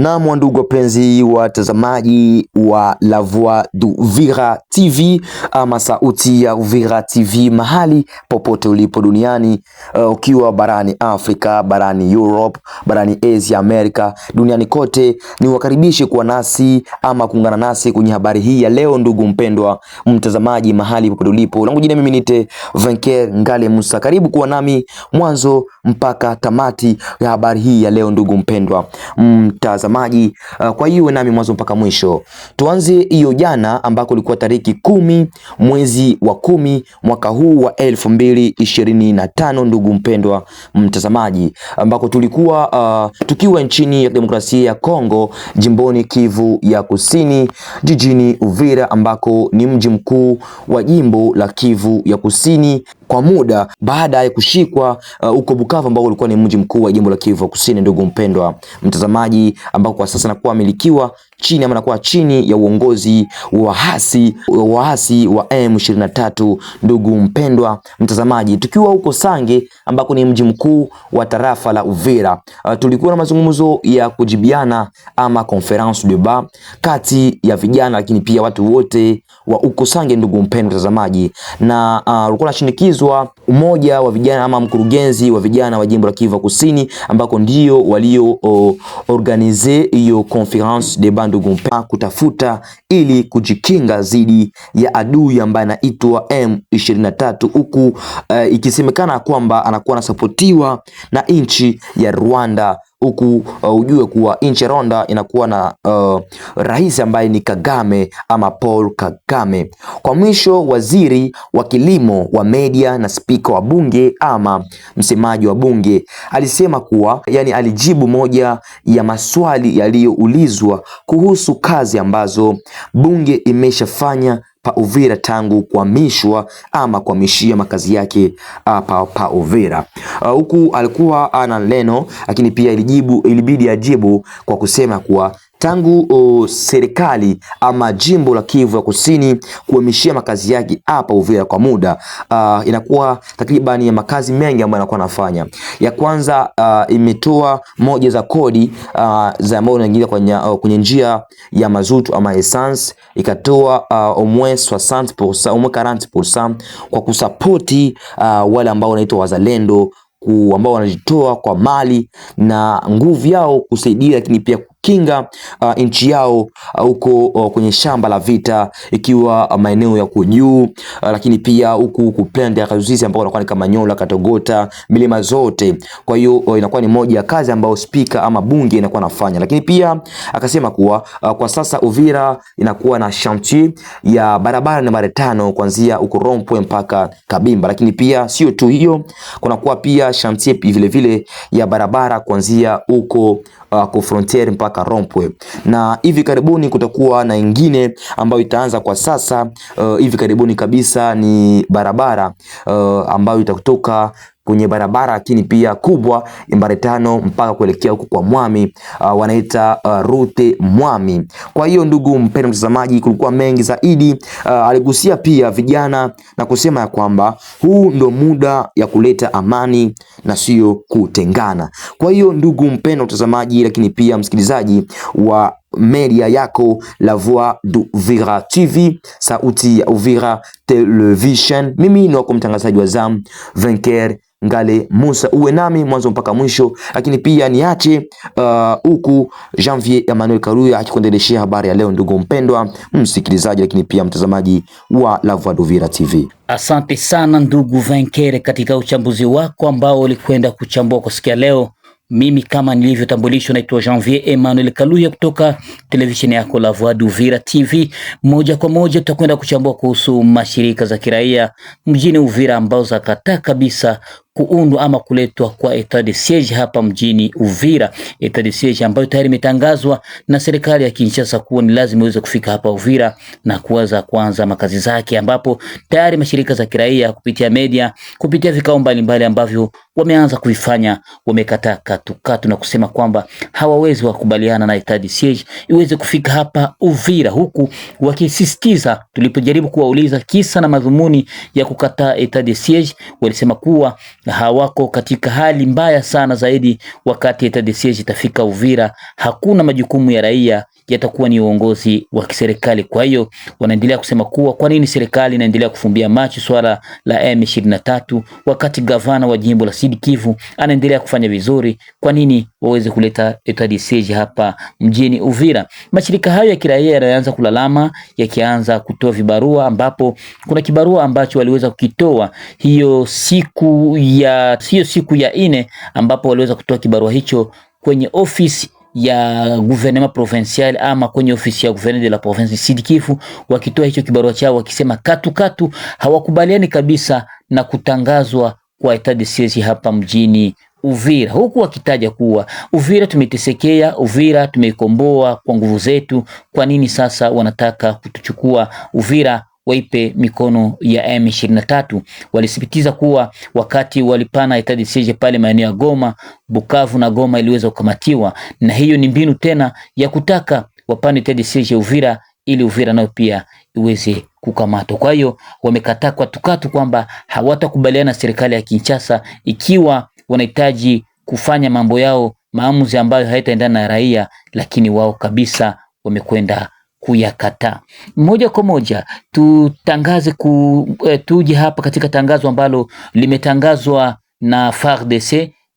Naam, wandugu wapenzi watazamaji wa La Voix d'Uvira TV ama sauti ya Uvira TV mahali popote ulipo duniani, uh, ukiwa barani Afrika, barani Europe, barani Asia, Amerika, duniani kote, ni wakaribishe kuwa nasi ama kuungana nasi kwenye habari hii ya leo. Ndugu mpendwa mtazamaji, mahali popote ulipo, langu jina mimi nite Vanker Ngale Musa, karibu kuwa nami mwanzo mpaka tamati ya habari hii ya leo, ndugu mpendwa mtazamaji mtazamaji uh, kwa hiyo nami mwanzo mpaka mwisho. Tuanze hiyo jana ambako ilikuwa tariki kumi mwezi wa kumi mwaka huu wa elfu mbili ishirini na tano ndugu mpendwa mtazamaji, ambako tulikuwa uh, tukiwa nchini ya demokrasia ya Kongo jimboni Kivu ya Kusini jijini Uvira ambako ni mji mkuu wa jimbo la Kivu ya Kusini kwa muda baada ya kushikwa uh, huko uh, Bukavu ambao ulikuwa ni mji mkuu wa jimbo la Kivu Kusini, ndugu mpendwa mtazamaji, ambao kwa sasa nakuwa amilikiwa chini ama anakuwa chini ya uongozi waasi waasi wa M23. Ndugu mpendwa mtazamaji, tukiwa huko Sange ambako ni mji mkuu wa tarafa la Uvira, uh, tulikuwa na mazungumzo ya kujibiana ama conference de bas kati ya vijana lakini pia watu wote wa huko Sange, ndugu mpendwa mtazamaji, na ulikuwa uh, unashinikizwa umoja wa vijana ama mkurugenzi wa vijana wa jimbo la Kivu Kusini ambako ndio walio uh, organize hiyo conference de bas ndugu mpendwa kutafuta ili kujikinga dhidi ya adui ambaye anaitwa M23, huku uh, ikisemekana kwamba anakuwa anasapotiwa na nchi ya Rwanda huku uh, ujue kuwa nchi ya Rwanda inakuwa na uh, rais ambaye ni Kagame ama Paul Kagame. Kwa mwisho, waziri wa kilimo wa media na spika wa bunge ama msemaji wa bunge alisema kuwa, yani, alijibu moja ya maswali yaliyoulizwa kuhusu kazi ambazo bunge imeshafanya pa Uvira tangu kuhamishwa ama kuhamishia makazi yake ah, pa, pa Uvira ah, huku alikuwa ana neno, lakini pia ilijibu, ilibidi ajibu kwa kusema kuwa tangu o, serikali ama jimbo la Kivu ya Kusini kuhamishia makazi yake hapa Uvira kwa muda uh, inakuwa takriban ya makazi mengi ambayo anakuwa anafanya. Ya kwanza uh, imetoa moja za kodi uh, za ambao unaingia kwenye, uh, kwenye njia ya mazutu ama essence ikatoa uh, omwes 60% omwe 40% kwa kusapoti uh, wale ambao wanaitwa wazalendo ambao wanajitoa kwa mali na nguvu yao kusaidia, lakini pia kinga uh, nchi yao ah, huko uh, uh, kwenye shamba la vita, ikiwa maeneo ya kujuu uh, lakini pia huku huku plan ya Ruzizi ambao inakuwa ni Kamanyola, Katogota, milima zote. Kwa hiyo uh, inakuwa ni moja ya kazi ambayo spika ama bunge inakuwa nafanya, lakini pia akasema kuwa uh, kwa sasa Uvira inakuwa na shamti ya barabara nambari tano kuanzia huko Rompwe mpaka Kabimba, lakini pia sio tu hiyo, kunakuwa pia vile vilevile ya barabara kuanzia huko uh, frontier mpaka Rompwe, na hivi karibuni kutakuwa na ingine ambayo itaanza kwa sasa uh, hivi karibuni kabisa ni barabara uh, ambayo itatoka kwenye barabara lakini pia kubwa ya nambari tano mpaka kuelekea huku kwa Mwami uh, wanaita uh, Rute Mwami. Kwa hiyo ndugu mpendwa mtazamaji, kulikuwa mengi zaidi uh, aligusia pia vijana na kusema ya kwamba huu ndo muda ya kuleta amani na sio kutengana. Kwa hiyo ndugu mpendwa mtazamaji, lakini pia msikilizaji wa media yako La Voix d'Uvira TV, sauti ya Uvira Television, mimi ni wako mtangazaji wa Zam Venker Ngale Musa, uwe nami mwanzo mpaka mwisho, lakini pia niache uh, huku uh, Janvier Emmanuel Karuya akikuendeleshea habari ya leo, ndugu mpendwa msikilizaji, lakini pia mtazamaji wa La Voix d'Uvira TV. Asante sana ndugu Vankere katika uchambuzi wako ambao ulikwenda kuchambua kwa siku ya leo. Mimi kama nilivyotambulishwa naitwa Janvier Emmanuel Kaluya kutoka televisheni yako La Voix d'Uvira TV. Moja kwa moja tutakwenda kuchambua kuhusu mashirika za kiraia mjini Uvira ambao zakataa kabisa kuundwa ama kuletwa kwa etat de siege hapa mjini Uvira, etat de siege ambayo tayari imetangazwa na serikali ya Kinshasa kuwa ni lazima iweze kufika hapa Uvira na kuanza kwanza makazi zake, ambapo tayari mashirika za kiraia kupitia media, kupitia vikao mbalimbali ambavyo wameanza kuifanya, wamekataa katukatu na kusema kwamba hawawezi wakubaliana na etat de siege iweze kufika hapa Uvira, huku wakisisitiza, tulipojaribu kuwauliza kisa na madhumuni ya kukataa etat de siege, walisema kuwa na hawako katika hali mbaya sana zaidi. Wakati ETDCS itafika Uvira, hakuna majukumu ya raia yatakuwa ni uongozi wa kiserikali. Kwa hiyo wanaendelea kusema kuwa kwa nini serikali inaendelea kufumbia macho swala la M23 wakati gavana wa jimbo la Sud Kivu anaendelea kufanya vizuri, kwa nini waweze kuleta etat de siege hapa mjini Uvira? Mashirika hayo ya kiraia yanaanza kulalama, yakianza kutoa vibarua, ambapo kuna kibarua ambacho waliweza kukitoa hiyo siku ya hiyo siku ya ine, ambapo waliweza kutoa kibarua hicho kwenye ofisi ya guvernema provincial ama kwenye ofisi ya gouverneur de la province Sud Kivu, wakitoa hicho kibarua chao wakisema katukatu hawakubaliani kabisa na kutangazwa kwa etat de siege hapa mjini Uvira, huku wakitaja kuwa Uvira tumetesekea, Uvira tumeikomboa kwa nguvu zetu. Kwa nini sasa wanataka kutuchukua Uvira waipe mikono ya M23. Walisipitiza kuwa wakati walipana hitaji siege pale maeneo ya Goma, Bukavu na Goma iliweza kukamatiwa, na hiyo ni mbinu tena ya kutaka wapane hitaji siege Uvira ili Uvira nayo pia iweze kukamatwa. Kwa hiyo wamekataa kwa tukatu kwamba hawatakubaliana na serikali ya Kinshasa ikiwa wanahitaji kufanya mambo yao, maamuzi ambayo haitaendana na raia, lakini wao kabisa wamekwenda kuyakataa. Moja kwa moja tutangaze ku, e, tuje hapa katika tangazo ambalo limetangazwa na FARDC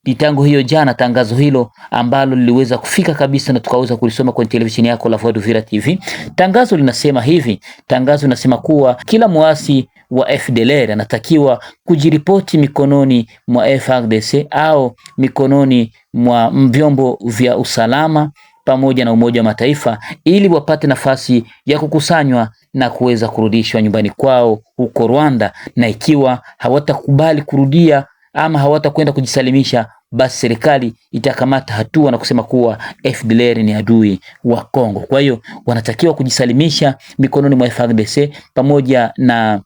ni tangu hiyo jana, tangazo hilo ambalo liliweza kufika kabisa na tukaweza kulisoma kwenye televisheni yako la Voix d'Uvira TV. Tangazo linasema hivi, tangazo linasema kuwa kila mwasi wa FDLR anatakiwa kujiripoti mikononi mwa FARDC au mikononi mwa vyombo vya usalama pamoja na Umoja wa Mataifa ili wapate nafasi ya kukusanywa na kuweza kurudishwa nyumbani kwao huko Rwanda, na ikiwa hawatakubali kurudia ama hawatakwenda kujisalimisha, basi serikali itakamata hatua na kusema kuwa FDLR ni adui wa Kongo. Kwa hiyo wanatakiwa kujisalimisha mikononi mwa FARDC pamoja na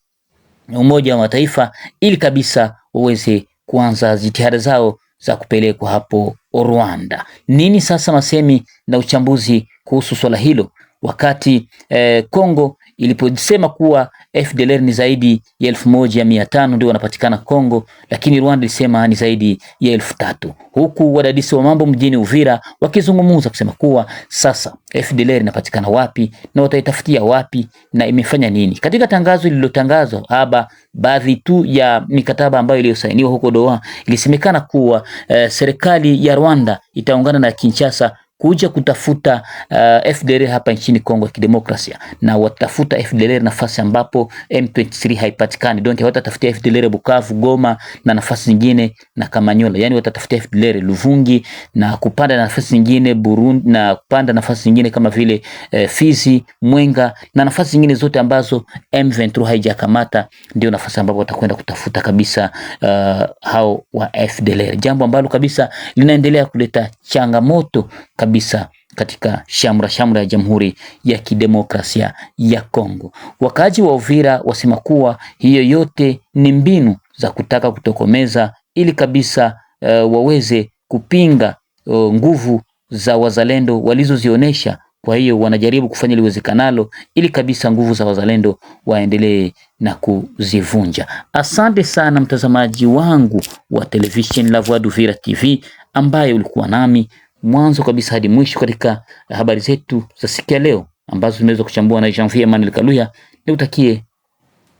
Umoja wa Mataifa ili kabisa waweze kuanza jitihada zao za kupelekwa hapo Rwanda. Nini sasa masemi na uchambuzi kuhusu swala hilo wakati eh, Kongo iliposema kuwa FDLR ni zaidi ya elfu moja mia tano ndio wanapatikana Kongo, lakini Rwanda ilisema ni zaidi ya elfu tatu huku wadadisi wa mambo mjini Uvira wakizungumza kusema kuwa sasa FDLR inapatikana wapi na wataitafutia wapi na imefanya nini. Katika tangazo lililotangazwa haba, baadhi tu ya mikataba ambayo iliyosainiwa huko Doha, ilisemekana kuwa eh, serikali ya Rwanda itaungana na Kinshasa kuja kutafuta uh, FDLR hapa nchini Kongo ya Kidemokrasia na watafuta FDLR nafasi ambapo M23 haipatikani, donc watatafutia FDLR Bukavu, Goma na nafasi nyingine na Kamanyola, yani watatafutia FDLR Luvungi na kupanda nafasi nyingine Burundi na kupanda nafasi nyingine kama vile eh, Fizi, Mwenga na nafasi nyingine zote ambazo M23 haijakamata, ndio nafasi ambapo watakwenda kutafuta kabisa uh, hao wa FDLR, jambo ambalo kabisa linaendelea kuleta changamoto kabisa katika shamra shamra ya Jamhuri ya Kidemokrasia ya Kongo. Wakaaji wa Uvira wasema kuwa hiyo yote ni mbinu za kutaka kutokomeza ili kabisa uh, waweze kupinga uh, nguvu za wazalendo walizozionyesha. Kwa hiyo wanajaribu kufanya liwezekanalo ili kabisa nguvu za wazalendo waendelee na kuzivunja. Asante sana mtazamaji wangu wa television La Voix d'Uvira TV ambaye ulikuwa nami mwanzo kabisa hadi mwisho katika habari zetu za siku ya leo ambazo tumeweza kuchambua na Jean Pierre Emmanuel Kaluya. Nikutakie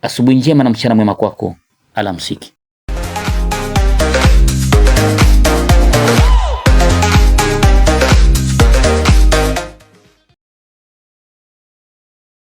asubuhi njema na mchana mwema kwako. Alamsiki.